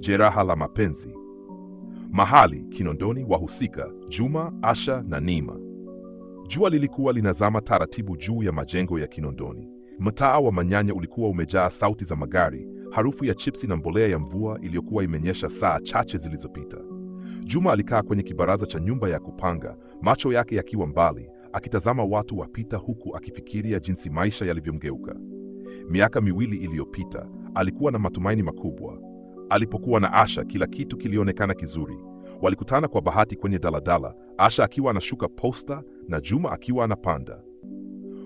jeraha la mapenzi. Mahali Kinondoni, wahusika Juma, Asha na Nima. Jua lilikuwa linazama taratibu juu ya majengo ya Kinondoni. Mtaa wa Manyanya ulikuwa umejaa sauti za magari, harufu ya chipsi na mbolea ya mvua iliyokuwa imenyesha saa chache zilizopita. Juma alikaa kwenye kibaraza cha nyumba ya kupanga, macho yake yakiwa mbali, akitazama watu wapita huku akifikiria jinsi maisha yalivyomgeuka. Miaka miwili iliyopita, alikuwa na matumaini makubwa. Alipokuwa na Asha, kila kitu kilionekana kizuri. Walikutana kwa bahati kwenye daladala, Asha akiwa anashuka posta na Juma akiwa anapanda.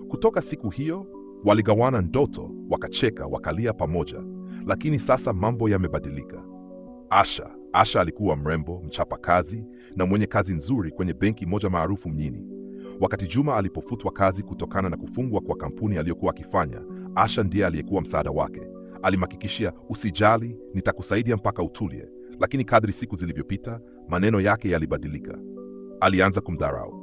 Kutoka siku hiyo waligawana ndoto, wakacheka, wakalia pamoja. Lakini sasa mambo yamebadilika. Asha Asha alikuwa mrembo, mchapakazi na mwenye kazi nzuri kwenye benki moja maarufu mjini. Wakati Juma alipofutwa kazi kutokana na kufungwa kwa kampuni aliyokuwa akifanya, Asha ndiye aliyekuwa msaada wake. Alimhakikishia, usijali, nitakusaidia mpaka utulie. Lakini kadri siku zilivyopita, maneno yake yalibadilika. Alianza kumdharau.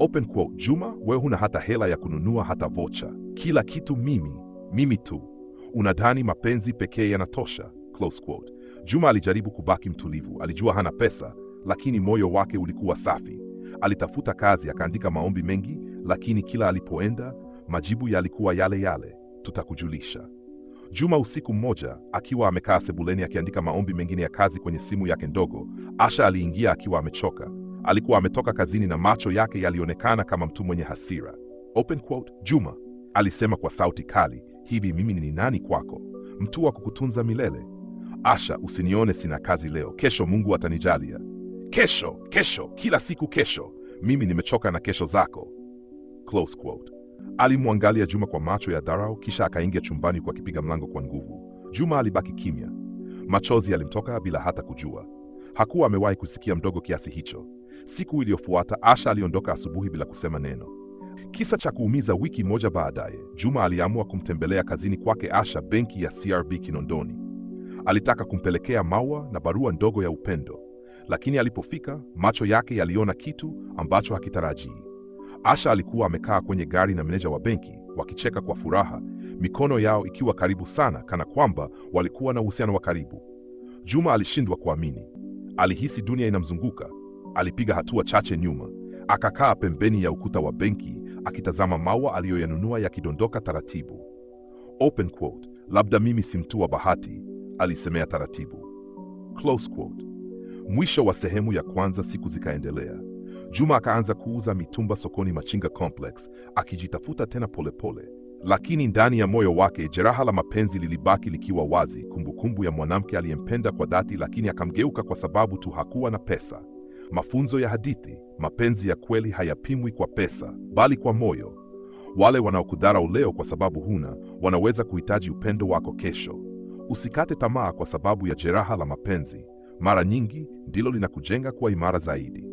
Open quote, Juma, wewe huna hata hela ya kununua hata vocha. Kila kitu mimi, mimi tu. Unadhani mapenzi pekee yanatosha? Close quote. Juma alijaribu kubaki mtulivu, alijua hana pesa, lakini moyo wake ulikuwa safi. Alitafuta kazi, akaandika maombi mengi, lakini kila alipoenda majibu yalikuwa yale yale, tutakujulisha. Juma usiku mmoja, akiwa amekaa sebuleni akiandika maombi mengine ya kazi kwenye simu yake ndogo, Asha aliingia akiwa amechoka. Alikuwa ametoka kazini na macho yake yalionekana kama mtu mwenye hasira. Open quote, Juma alisema kwa sauti kali, hivi mimi ni nani kwako? Mtu wa kukutunza milele? Asha, usinione sina kazi leo, kesho Mungu atanijalia. Kesho, kesho, kila siku kesho. Mimi nimechoka na kesho zako. Close quote. Alimwangalia Juma kwa macho ya dharau, kisha akaingia chumbani kwa kipiga mlango kwa nguvu. Juma alibaki kimya, machozi yalimtoka bila hata kujua. Hakuwa amewahi kusikia mdogo kiasi hicho. Siku iliyofuata Asha aliondoka asubuhi bila kusema neno. Kisa cha kuumiza. Wiki moja baadaye, Juma aliamua kumtembelea kazini kwake Asha, benki ya CRB Kinondoni. Alitaka kumpelekea maua na barua ndogo ya upendo, lakini alipofika, macho yake yaliona kitu ambacho hakitarajii. Asha alikuwa amekaa kwenye gari na meneja wa benki wakicheka kwa furaha, mikono yao ikiwa karibu sana, kana kwamba walikuwa na uhusiano wa karibu. Juma alishindwa kuamini. Alihisi dunia inamzunguka. Alipiga hatua chache nyuma, akakaa pembeni ya ukuta wa benki akitazama maua aliyoyanunua yakidondoka taratibu. Open quote, labda mimi si mtu wa bahati, alisemea taratibu. Close quote. Mwisho wa sehemu ya kwanza. Siku zikaendelea. Juma akaanza kuuza mitumba sokoni Machinga Complex, akijitafuta tena polepole pole. Lakini ndani ya moyo wake jeraha la mapenzi lilibaki likiwa wazi, kumbukumbu kumbu ya mwanamke aliyempenda kwa dhati, lakini akamgeuka kwa sababu tu hakuwa na pesa. Mafunzo ya hadithi: mapenzi ya kweli hayapimwi kwa pesa, bali kwa moyo. Wale wanaokudharau leo kwa sababu huna, wanaweza kuhitaji upendo wako kesho. Usikate tamaa kwa sababu ya jeraha la mapenzi, mara nyingi ndilo linakujenga kuwa imara zaidi.